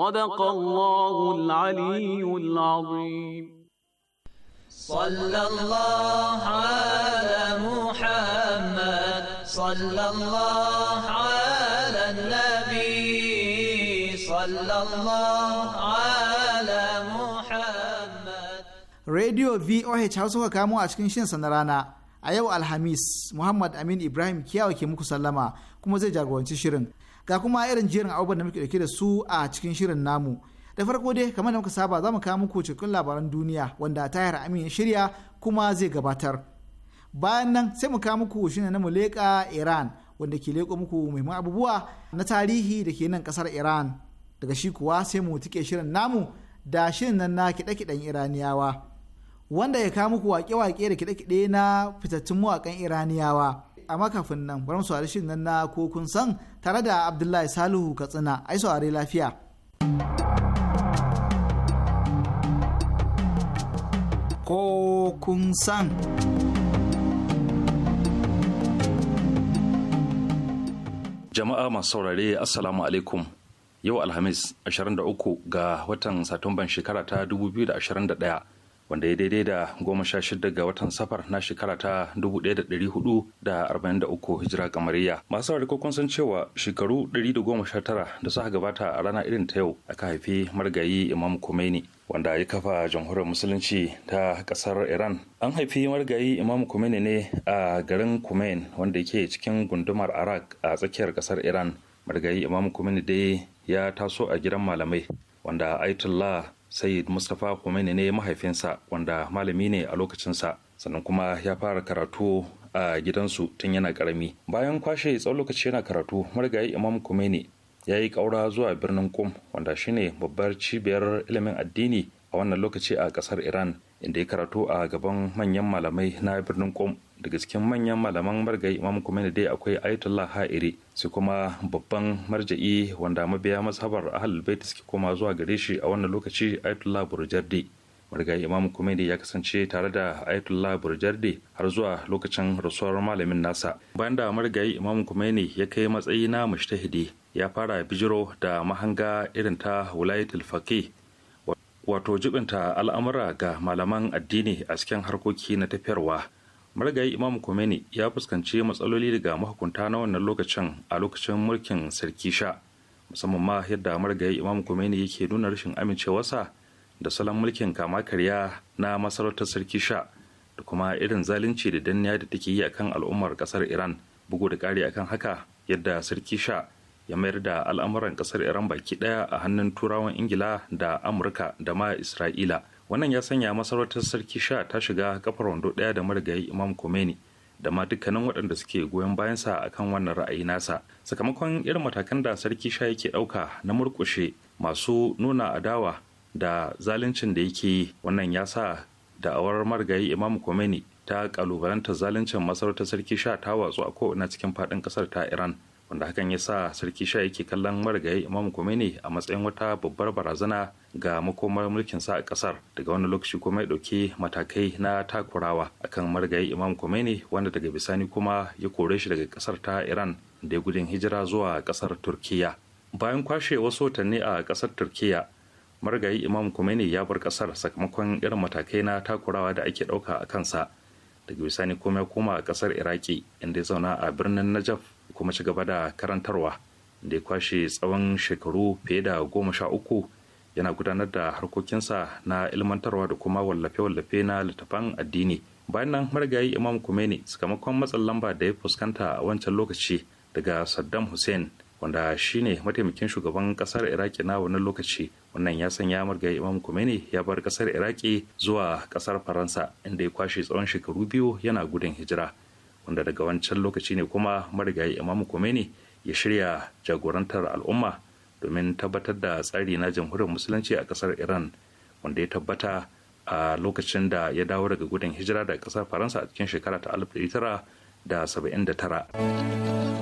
صدق الله العلي العظيم صلى الله على محمد صلى الله على النبي صلى الله على محمد راديو في او اتش hausa kamo a cikin shinsa na rana a yau alhamis muhammad amin ibrahim kiyawa ke muku sallama kuma zai jagoranci shirin ga kuma irin jerin abubuwan da muke dauke da su a cikin shirin namu da farko dai kamar da muka saba za mu kawo muku cikin labaran duniya wanda tayar amin ya shirya kuma zai gabatar bayan nan sai mu kawo muku shine na muleka iran wanda ke leko muku muhimman abubuwa na tarihi da ke nan kasar iran daga shi kuwa sai mu tike shirin namu da shirin nan na kiɗe-kiɗen iraniyawa wanda ya kawo muku wake-wake da kiɗe-kiɗe na fitattun mawakan iraniyawa amma kafin nan bari mu saurari shin nan na ko kun san tare da Abdullahi Salihu Katsina ai saurari lafiya. Ko kun san. Jama'a masu saurare Assalamu alaikum. Yau Alhamis 23 ga watan Satumban shekara ta 2021 wanda ya daidai da goma sha shida ga watan safar na shekara ta dubu ɗaya da ɗari hudu da arba'in da uku hijira kamariya masu saurari kun san cewa shekaru ɗari da goma sha tara da suka gabata a rana irin ta yau aka haifi margayi imam kumaini wanda ya kafa jamhuriyar musulunci ta kasar iran an haifi margayi imam kumaini ne a garin kumain wanda yake cikin gundumar arak a tsakiyar kasar iran margayi imam kumaini dai ya taso a gidan malamai wanda aitullah sayid mustapha khomeini ne mahaifinsa wanda malami ne a lokacinsa sannan kuma ya fara karatu a gidansu tun yana karami bayan kwashe tsawon lokaci yana karatu marigayi imam khomeini ya yi kaura zuwa birnin kum wanda shine babbar cibiyar ilimin addini a wannan lokaci a kasar iran inda ya karatu a gaban manyan malamai na birnin kom daga cikin manyan malaman margayi imam kumeni dai akwai ayatollah ha'iri su kuma babban marja'i wanda mabiya mazhabar ahlul bait suke koma zuwa gare shi a wannan lokaci ayatollah burjardi margai imam kumeni ya kasance tare da ayatollah burjardi har zuwa lokacin rasuwar malamin nasa bayan da margai imam kumaini ya kai matsayi na mushtahidi ya fara bijiro da mahanga irin ta wulayatul faqih wato jibinta al'amura ga malaman addini a cikin harkoki na tafiyarwa marigayi imam kumeni ya fuskanci matsaloli daga mahukunta na wannan lokacin a lokacin mulkin sarki sha musamman ma yadda marigayi imam kumeni yake nuna rashin amincewarsa da salon mulkin kama karya na masarautar sarki sha da kuma irin zalunci da danniya da take yi akan al'ummar kasar iran bugu da ƙari akan haka yadda sarki sha ya mayar da al'amuran kasar iran baki daya a hannun turawan ingila da amurka da ma isra'ila wannan ya sanya masarautar sarki sha ta shiga kafar wando daya da marigayi imam komeni da ma dukkanin waɗanda suke goyon bayansa kan wannan ra'ayi nasa sakamakon irin matakan da sarki sha yake ɗauka na murƙushe masu nuna adawa da zaluncin da yake yi wannan ya sa da'awar marigayi imam komeni ta kalubalanta zaluncin masarautar sarki sha ta watsu a ko'ina cikin faɗin ƙasar ta iran wanda hakan ya sa sarki sha yake kallon marigayi imam Khomeini a matsayin wata babbar barazana ga makomar mulkin sa a kasar daga wani lokaci kuma ya ɗauki matakai na takurawa akan marigayi imam Khomeini wanda daga bisani kuma ya kore shi daga kasar ta iran da ya gudun hijira zuwa kasar turkiya bayan kwashe wasu watanni a kasar turkiya marigayi imam Khomeini ya bar kasar sakamakon irin matakai na takurawa da ake ɗauka a kansa daga bisani kuma ya koma a kasar iraki inda ya zauna a birnin najaf kuma ci gaba da karantarwa da ya kwashe tsawon shekaru fiye da goma sha uku yana gudanar da harkokinsa na ilmantarwa da kuma wallafe-wallafe na littafan addini bayan nan marigayi imam kumeni sakamakon matsin lamba da ya fuskanta a wancan lokaci daga saddam hussein wanda shine mataimakin shugaban kasar iraki na wani lokaci wannan ya sanya marigayi imam kumeni ya bar kasar iraki zuwa kasar faransa inda ya kwashe tsawon shekaru biyu yana gudun hijira wanda daga wancan lokaci ne kuma marigayi imam Khomeini ya shirya jagorantar al'umma domin tabbatar da tsari na jamhuriyar musulunci a kasar iran wanda ya tabbata a lokacin da ya dawo daga gudun hijira daga kasar faransa a cikin shekara ta 1979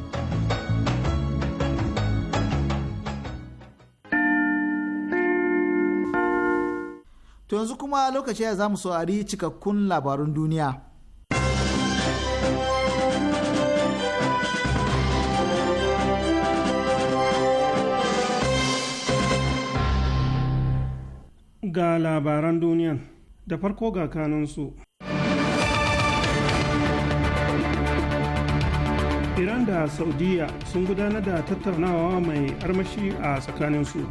To yanzu kuma lokaci ya zamu mu saurari cikakkun labarun duniya. Ga labaran duniyan da farko ga kanunsu. Iran da Saudiya sun gudanar da tattaunawa mai armashi a tsakaninsu.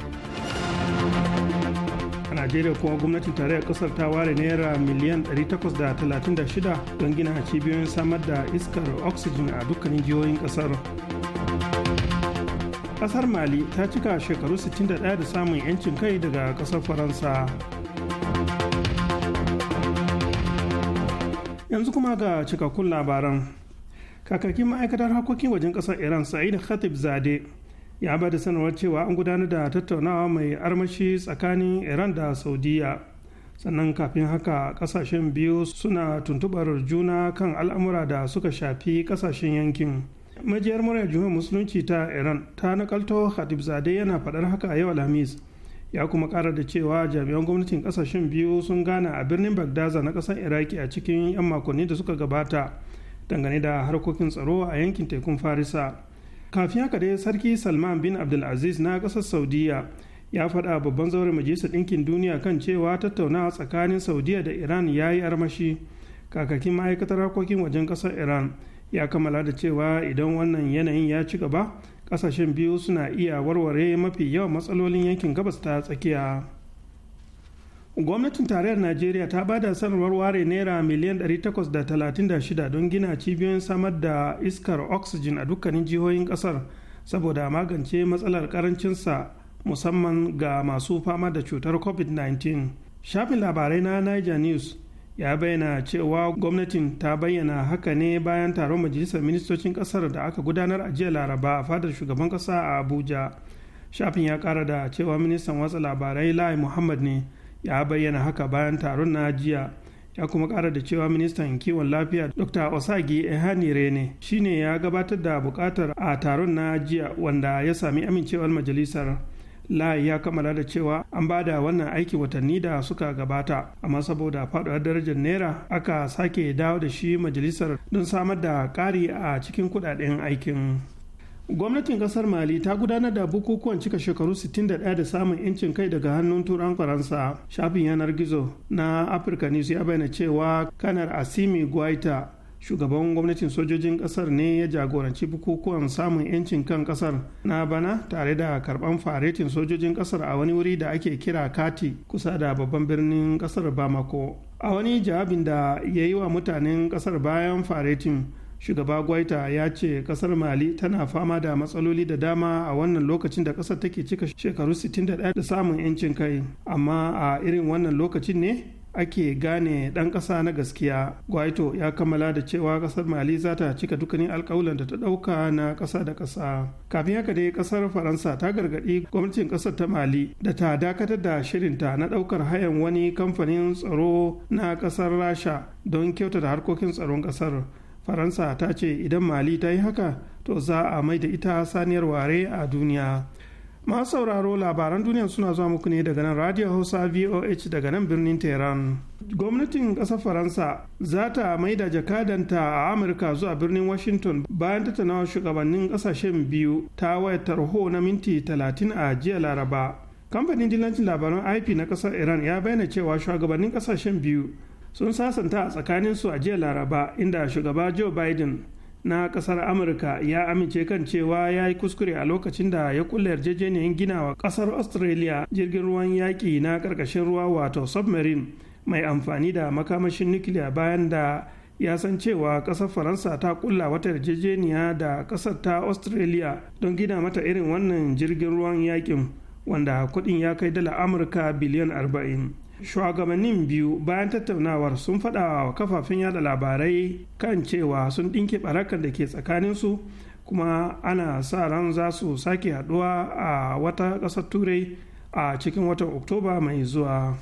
najeriya kuma gwamnatin tarayyar kasar ta ware naira miliyan 836 don gina cibiyoyin samar da iskar oxygen a dukkanin jihohin kasar kasar mali ta cika shekaru 61 da samun 'yancin kai daga kasar faransa yanzu kuma ga cikakkun labaran kakakin ma'aikatar harkokin wajen kasar iran sa'id khatib zade ya bada sanarwar cewa an gudanar da tattaunawa mai armashi tsakanin iran da saudiya sannan kafin haka kasashen biyu suna tuntubar juna kan al'amura da suka shafi kasashen yankin majiyar murya jihar musulunci ta iran ta nakalto zade yana faɗar haka a yau alhamis ya kuma ƙara da cewa jami'an gwamnatin kasashen biyu sun gana a birnin bagdaza na ƙasar iraki a cikin 'yan makonni da suka gabata dangane da harkokin tsaro a yankin tekun farisa kafin haka dai sarki salman bin abdulaziz na ƙasar saudiya ya faɗa babban zaure majalisar ɗinkin duniya kan cewa tattaunawa tsakanin saudiya da iran ya yi armashi kakakin ma'aikatar harkokin wajen ƙasar iran ya kammala da cewa idan wannan yanayin ya ci gaba ƙasashen biyu suna iya warware mafi yawan matsalolin yankin gabas ta tsakiya. gwamnatin tarayyar najeriya ta ba da sanarwar ware naira miliyan 836 don gina cibiyoyin samar da iskar oxygen a dukkanin jihohin kasar saboda magance matsalar karancinsa musamman ga masu fama da cutar covid-19 shafin labarai na niger news ya bayyana cewa gwamnatin ta bayyana haka ne bayan taron majalisar ministocin kasar da aka gudanar a jiya laraba a fadar shugaban kasa a abuja shafin ya kara da cewa ministan watsa labarai lai muhammad ne ya bayyana haka bayan taron na jiya ya kuma kara da cewa ministan kiwon lafiya dr osagi ehani rene shine ya gabatar da bukatar a taron na jiya wanda ya sami amincewar majalisar layi ya kammala da cewa an ba da wannan aiki watanni da suka gabata amma saboda faduwar darajar naira aka sake dawo da shi majalisar don samar da ƙari a cikin kudaden aikin gwamnatin kasar mali ta gudanar da bukukuwan cika shekaru 61 da samun 'yancin kai daga hannun turan faransa shafin yanar gizo na afirka news ya bayyana cewa kanar asimi guaita shugaban gwamnatin sojojin kasar ne ya jagoranci bukukuwan samun 'yancin kan kasar na bana tare da karban faretin sojojin kasar a wani wuri da ake kira kati kusa da babban birnin kasar bamako a wani jawabin da ya yi wa mutanen kasar bayan faretin shugaba gwaita ya ce kasar mali tana fama da matsaloli da dama a wannan lokacin da kasar take cika shekaru 61 da samun 'yancin kai amma a irin wannan lokacin ne ake gane ɗan ƙasa na gaskiya gwaito ya kammala da cewa ƙasar mali za ta cika dukkanin alƙawulan da ta ɗauka na ƙasa da ƙasa kafin haka dai ƙasar faransa ta gargaɗi gwamnatin ƙasar ta mali da ta dakatar da shirinta na ɗaukar hayan wani kamfanin tsaro na ƙasar rasha don kyautata harkokin tsaron ƙasar faransa ta ce idan mali ta yi haka to za a mai da ita saniyar ware a duniya masu sauraro labaran duniya suna zuwa muku ne daga nan radio hausa voh daga nan birnin tehran gwamnatin ƙasar faransa za ta mai da jakadanta a amurka zuwa birnin washington bayan tattaunawa shugabannin ƙasashen biyu ta wayar tarho na minti 30 a jiya laraba kamfanin dilancin labaran ip na ƙasar iran ya bayyana cewa shugabannin ƙasashen biyu sun sasanta a tsakaninsu a jiya laraba inda shugaba joe biden na kasar amurka ya amince kan cewa ya yi kuskure a lokacin da ya kulle yarjejeniyar ginawa kasar australia jirgin ruwan yaƙi na ƙarƙashin ruwa wato submarine mai amfani da makamashin nukiliya bayan da ya san cewa ƙasar faransa ta kulla wata yarjejeniya da ƙasar ta australia don gina mata irin wannan jirgin ruwan yaƙin wanda kuɗin ya kai dala amurka biliyan arba'in. shugabannin biyu bayan tattaunawar sun faɗa wa kafafen yada labarai kan cewa sun ɗinke barakar da ke tsakaninsu kuma ana sa ran za su sake haɗuwa a wata ƙasar turai a cikin watan oktoba mai zuwa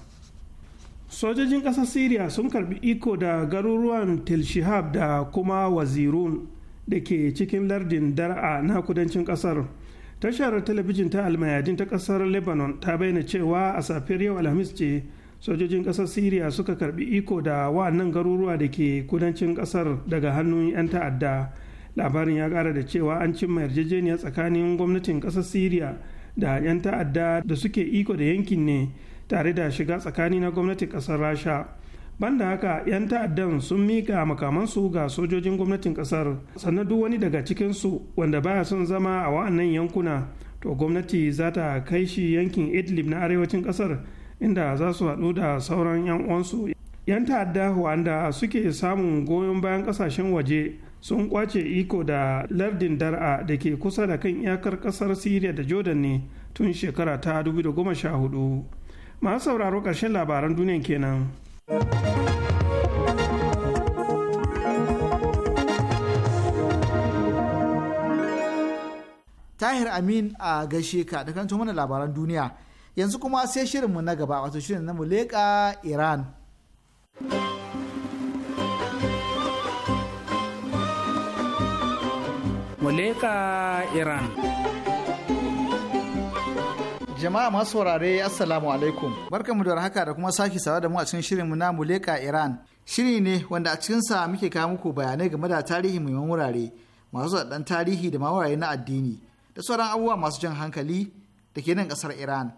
sojojin ƙasar syria sun karbi iko da garuruwan tilshihab da kuma wazirun da ke cikin lardin dar'a na kudancin ƙasar tashar talabijin ta almayadin ta ƙasar lebanon ta bayyana cewa a safiyar yau alhamis ce sojojin kasar syria suka karbi iko da wa'annan garuruwa da ke kudancin kasar daga hannun 'yan ta'adda labarin ya kara da cewa an cimma yarjejeniya tsakanin gwamnatin kasar syria da 'yan ta'adda da suke iko da yankin ne tare da shiga tsakani na gwamnatin kasar rasha banda haka 'yan ta'addan sun mika makamansu ga sojojin gwamnatin kasar sannan duk wani daga cikinsu wanda baya son zama a wa'annan yankuna to gwamnati za ta kai shi yankin idlib na arewacin kasar inda za su haɗu da sauran 'yan uwansu 'yan ta'adda wanda suke samun goyon bayan ƙasashen waje sun kwace iko da lardin dar'a da ke kusa da kan iyakar ƙasar siriya da jordan ne tun shekara ta 2014 masu sauraro ƙarshen labaran duniya kenan. tahir amin a gaishe ka da kan mana labaran duniya yanzu kuma sai shirinmu na gaba wato shirin na muleka iran muleka iran jama'a masu saurare assalamu alaikum barkanmu da haka da kuma sake sawa da mu a cikin shirinmu na muleka iran shiri ne wanda a cikinsa muke kawo muku bayanai game da tarihi muhimman wurare masu zaɗan tarihi da ma wurare na addini da sauran abubuwa masu jan hankali da ke nan ƙasar iran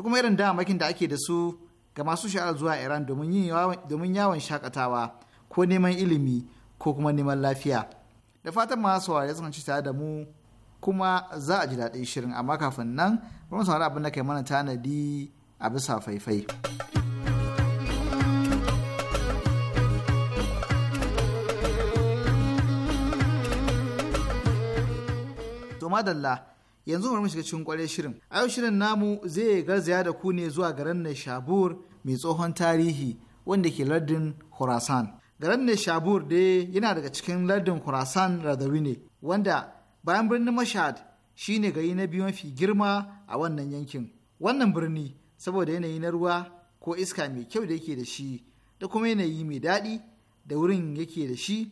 da kuma irin damakin da ake da su ga masu sha'ar zuwa Iran domin yawon shakatawa ko neman ilimi ko kuma neman lafiya. Da fatan masu ya sun ci tare da mu kuma za a ji daɗin shirin amma kafin nan kuma saurari abin da kai mana tanadi a bisa faifai. To madalla yanzu mu shiga cikin kwarai shirin a yau shirin namu zai garzaya da ku ne zuwa garin Nishabur mai tsohon tarihi wanda ke lardin Khurasan garin Nishabur dai yana daga cikin lardin Khurasan Radawi ne wanda bayan birnin shi shine gari na biyu mafi girma a wannan yankin wannan birni saboda yanayi na ruwa ko iska mai kyau da yake da shi da kuma yanayi mai daɗi da wurin yake da shi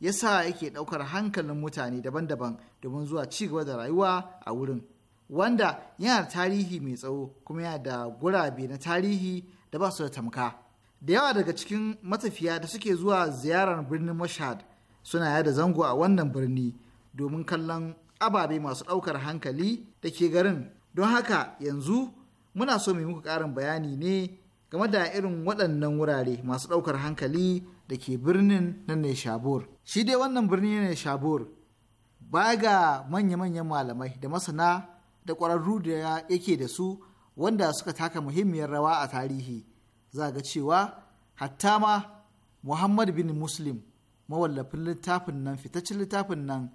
yasa yake ɗaukar hankalin mutane daban-daban domin zuwa ci gaba da rayuwa a wurin wanda yana da tarihi mai tsawo kuma yana da gurabe na tarihi da ba su da tamka da yawa daga cikin matafiya da suke zuwa ziyarar birnin mashad suna yada zango a wannan birni domin kallon ababe masu ɗaukar hankali da ke garin don haka yanzu muna so mai muku ƙarin bayani ne game da irin waɗannan wurare masu ɗaukar hankali da ke birnin na Neshabur. Shi dai wannan birni na Neshabur baya ga manya-manyan malamai da masana da ƙwararru da yake da su wanda suka taka muhimmiyar rawa a tarihi za ga cewa hatta ma muhammad bin muslim mawallafin littafin nan fitaccen littafin nan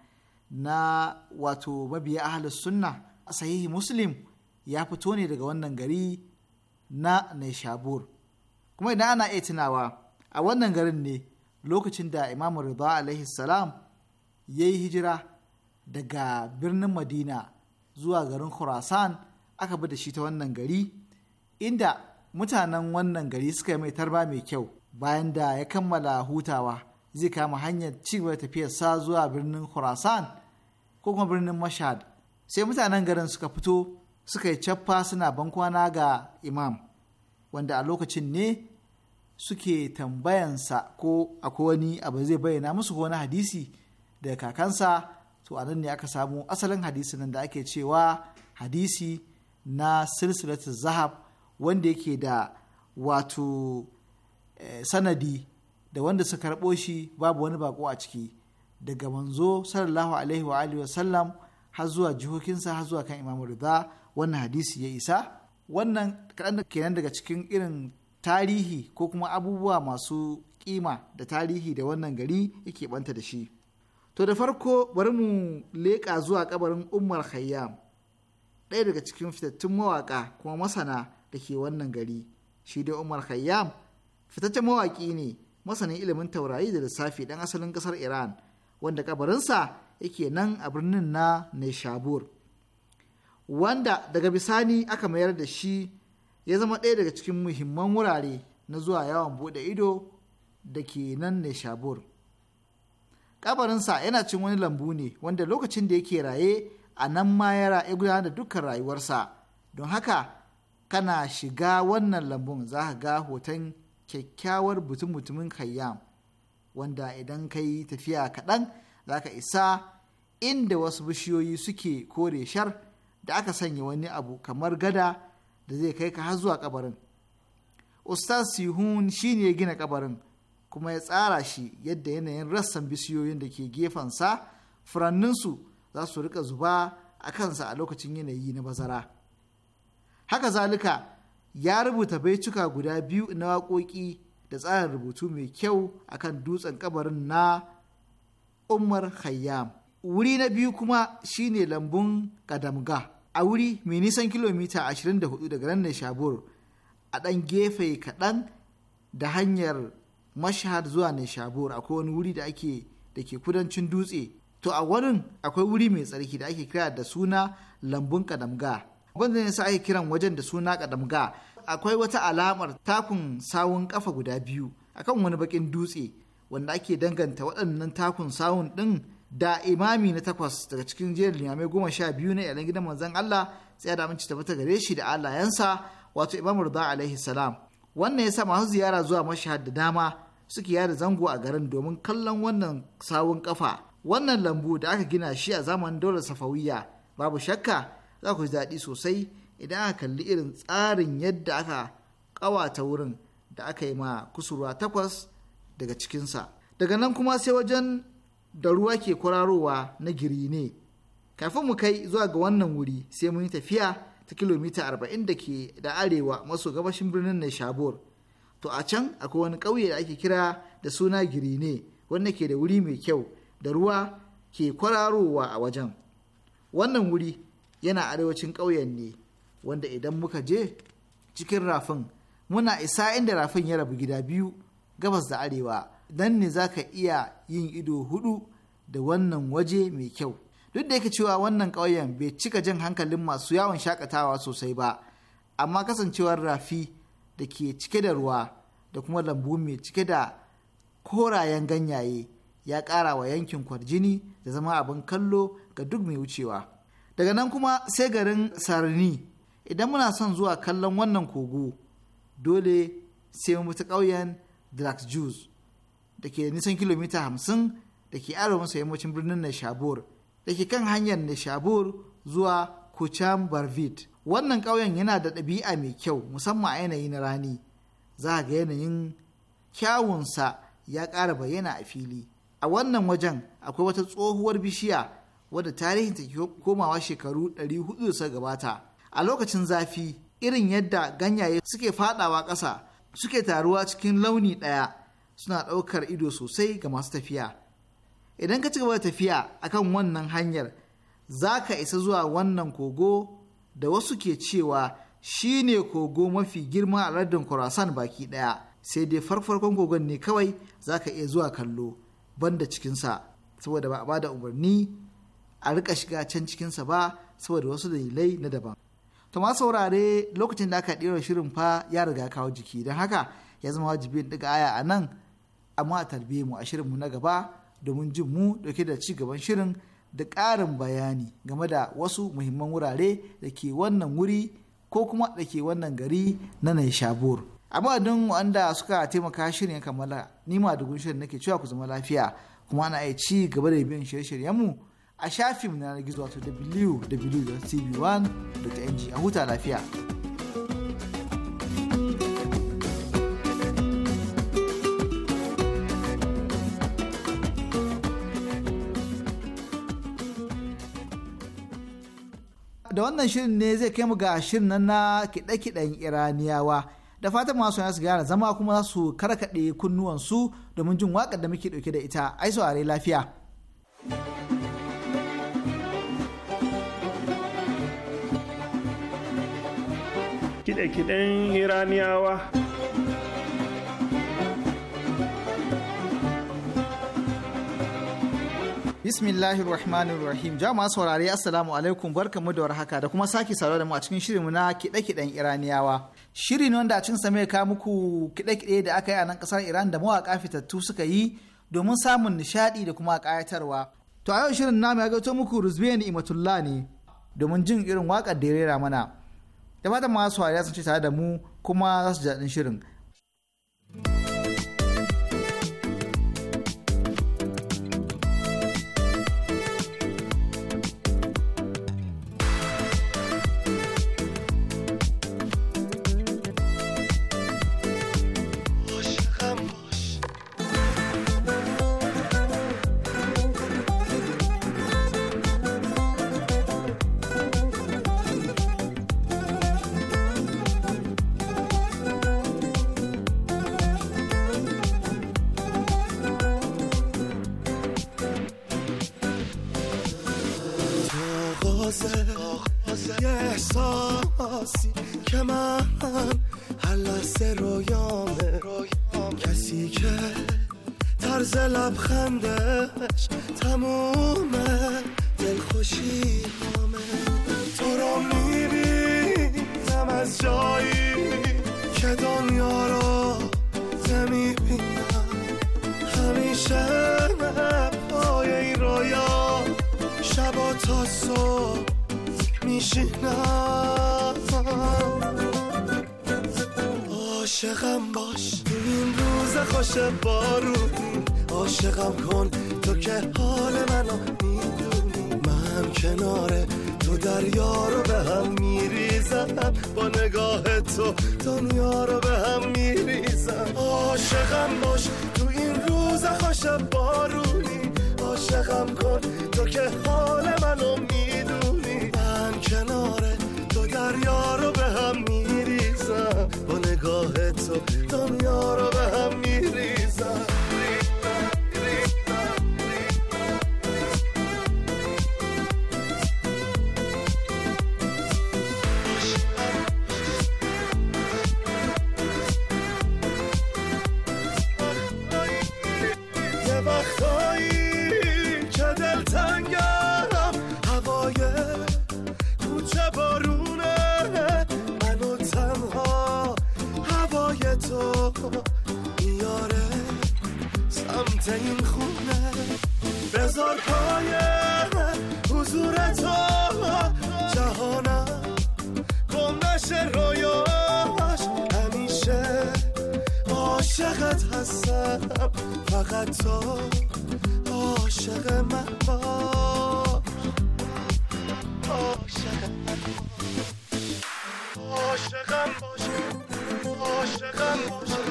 na wato mabiya ahalus sunna a sahihi muslim ya fito ne daga wannan gari na nishabur kuma idan ana iya tunawa a wannan garin ne lokacin da imamu rida alaihi salam ya yi hijira daga birnin madina zuwa garin khurasan aka bi da shi ta wannan gari inda mutanen wannan gari suka yi mai tarba mai kyau bayan da ya kammala hutawa zai kama hanyar cigaba tafiyarsa zuwa birnin khurasan ko kuma birnin mashad sai mutanen garin suka fito suka yi caffa, suna bankwana ga imam wanda a lokacin ne suke tambayansa ko akwai wani abu zai bayyana musu ko wani hadisi daga kakansa to a nan ne aka samu asalin hadisi nan da ake cewa hadisi na silsilatu zahab wanda yake da wato eh, sanadi da wanda suka karɓo shi babu wani bako a ciki daga manzo sallallahu alaihi wa alihi wasallam har zuwa jihokinsa har zuwa kan imamu rida wannan hadisi ya isa wannan kaɗan kenan daga cikin irin tarihi ko kuma abubuwa masu kima da tarihi da wannan gari yake banta da shi to da farko bari mu leƙa zuwa kabarin umar khayyam ɗaya daga cikin fitattun mawaƙa kuma masana da ke wannan gari shi dai umar khayyam fitaccen mawaƙi ne masanin ilimin taurari da lissafi ɗan asalin ƙasar iran wanda kabarinsa yake nan a birnin na neshabur wanda daga bisani aka mayar da shi ya zama ɗaya daga cikin muhimman wurare na zuwa yawon buɗe ido da ke nan neshabur kabarinsa yana cin wani lambu ne wanda lokacin da yake raye a nan ma ya gudanar da dukkan rayuwarsa don haka kana shiga wannan lambun za ka ga hoton kyakkyawar butun mutumin kayyam wanda idan ka yi tafiya kaɗan za ka isa inda wasu bishiyoyi suke kore shar da aka sanya wani abu kamar gada da zai kai ka har zuwa kabarin ustaz sihun shine ya gina kabarin kuma ya tsara shi yadda yanayin rassan bisiyoyin da ke gefensa furanninsu za su rika zuba a kansa a lokacin yanayi na bazara haka zalika ya rubuta baituka guda biyu na waƙoƙi da tsarin rubutu mai kyau a kan dutsen kabarin na umar khayyam wuri na biyu kuma shine lambun kadamga a wuri mai nisan kilomita 24 daga nan shabur a ɗan gefe kaɗan da hanyar mashhad zuwa nishabur akwai wani wuri da ake da ke kudancin dutse to a wurin akwai wuri mai tsarki da ake kira da suna lambun kadamga wanda ne sa ake kiran wajen da suna kadamga akwai wata alamar takun sawun kafa guda biyu akan wani bakin dutse wanda ake danganta waɗannan takun sawun din da imami na takwas daga cikin jerin limamai goma sha biyu na yalan gidan manzan Allah sai da aminci ta gare shi da yansa wato imam Rida alaihi salam wannan ya sa masu ziyara zuwa mashahad da dama suke yada zango a garin domin kallon wannan sawun kafa wannan lambu da aka gina shi a zamanin daular safawiya babu shakka za ku ji daɗi sosai idan aka kalli irin tsarin yadda aka ƙawata wurin da aka yi ma kusurwa takwas daga cikinsa daga nan kuma sai wajen da ruwa ke kwararowa na giri ne kafin mu kai zuwa ga wannan wuri sai mun yi tafiya ta kilomita 40 da ke da arewa maso gabashin birnin Neshabur to a can akwai wani ƙauye da ake kira da suna girine wanda ke da wuri mai kyau da ruwa ke kwararowa a wajen wannan wuri yana arewacin ƙauyen ne wanda idan muka je cikin rafin muna isa inda rafin ya rabu gida biyu gabas da arewa dan ne za ka iya yin ido hudu da wannan waje mai kyau duk da yake cewa wannan ƙauyen bai cika jan hankalin masu yawon shakatawa sosai ba amma kasancewar rafi da ke cike da ruwa da kuma lambu mai cike da korayen ganyaye ya ƙara wa yankin kwarjini da zama abin kallo ga duk mai wucewa daga nan kuma sai garin sarni idan muna son zuwa kallon wannan kogo dole sai mu ta ƙauyen draxjus da ke nisan kilomita hamsin da ke arewa maso yammacin birnin Neshabur da ke kan hanyar Neshabur zuwa Kucham Barvit. wannan ƙauyen yana da ɗabi'a mai kyau musamman a yanayi na rani za ga yanayin kyawunsa ya ƙara bayyana a fili a wannan wajen akwai wata tsohuwar bishiya wadda tarihin ta komawa shekaru 400 suka gabata a lokacin zafi irin yadda ganyaye suke fadawa ƙasa suke taruwa cikin launi ɗaya suna ɗaukar ido sosai ga masu tafiya idan ka ci gaba da tafiya akan wannan hanyar za ka isa zuwa wannan kogo da wasu ke cewa shi ne kogo mafi girma a lardin Khorasan baki ɗaya, sai dai farfarkon kogon ne kawai za ka iya zuwa kallo banda cikinsa, saboda ba a bada umarni a rika shiga can cikinsa ba saboda wasu dalilai na daban. To ma saurare lokacin da aka ɗera shirin fa ya riga kawo jiki don haka ya zama wajibi ɗiga aya a nan amma a tarbe mu a shirinmu na gaba domin jin mu dauke da ci gaban shirin da ƙarin bayani game da wasu muhimman wurare da ke wannan wuri ko kuma da ke wannan gari na Naishabur. A madadin wanda suka taimaka shirin kammala ni ma dugun da nake cewa ku zama lafiya kuma ana iya ci gaba da biyan shirye-shiryenmu a shafin na gizo wato www.tv1.ng a huta lafiya. da wannan shirin ne zai kai mu ga shirin nan na kiɗe-kiɗen iraniyawa da fatan masu su gyara zama kuma za su karkaɗe kunnuwansu domin jin waƙar da muke ɗauke da ita ai saurari lafiya. Kiɗe-kiɗen Iraniyawa. Bismillahir Rahmanir Rahim. Jama'a saurare Assalamu alaikum barka mu da warhaka da kuma sake saro da mu a cikin mu na kiɗe-kiɗen Iraniyawa. shirin wanda a cikin mai ka muku kiɗe-kiɗe da aka yi a nan kasar Iran da mawaka fitattu suka yi domin samun nishadi da kuma kayatarwa. To a yau shirin namu ya gato muku Ruzbiyani Imatullah ne domin jin irin waƙar da ya rera mana. Da fatan masu wariya sun ce tare da mu kuma za su ji shirin. عاشقم باش این روز خوش بارونی عاشقم کن تو که حال منو میدونی من کنار تو دریا رو به هم میریزم با نگاه تو دنیا رو به هم میریزم عاشقم باش تو این روز خوش بارونی عاشقم کن تو که حال منو میدونی من کنار تو دریا رو به هم نگاهت تو دنیا رو به هم این خونه بذار پای حضور تو جهانم گم نشه رویاش همیشه عاشقت هستم فقط تو عاشق من باش باش عاشقم باش عاشقم باش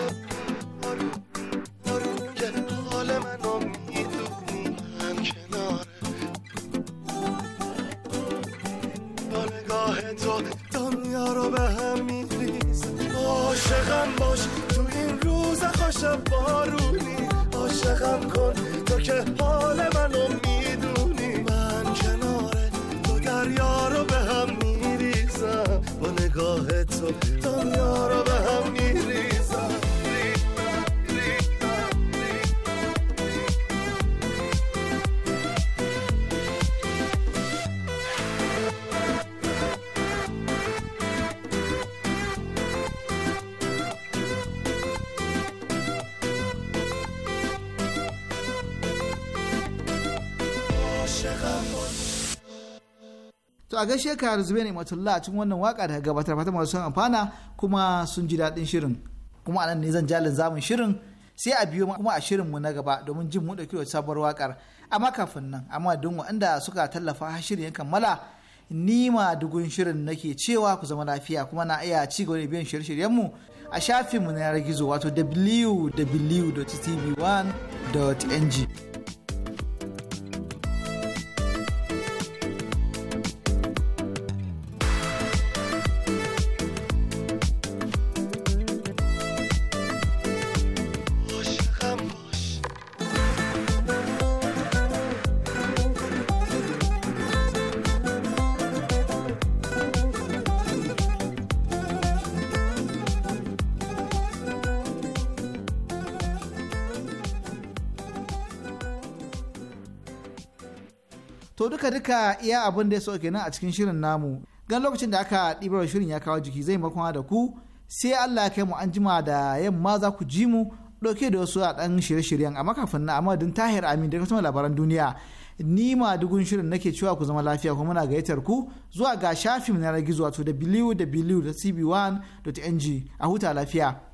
circle. to a gaishe ka zube ne matullah a cikin wannan waka da gabatar fata masu son amfana kuma sun ji daɗin shirin kuma anan ne zan jalin zamun shirin sai a biyo kuma a shirin mu na gaba domin jin mu dauki wata sabuwar wakar amma kafin nan amma don waɗanda suka tallafa ha shirin ya kammala ni ma dugun shirin nake cewa ku zama lafiya kuma na iya ci gaba da biyan shirye-shiryen mu a shafin mu na gizo wato www.tv1.ng duka iya abin da ya so kenan a cikin shirin namu gan lokacin da aka ɗibar shirin ya kawo jiki zai makon da ku sai Allah ya kai mu an jima da yamma za ku ji mu ɗauke da wasu a ɗan shirye-shiryen amma kafin na amadin tahir amin da kuma labaran duniya ni ma dugun shirin nake cewa ku zama lafiya kuma muna gayyatar ku zuwa ga shafin na gizo wato da www.cb1.ng a huta lafiya.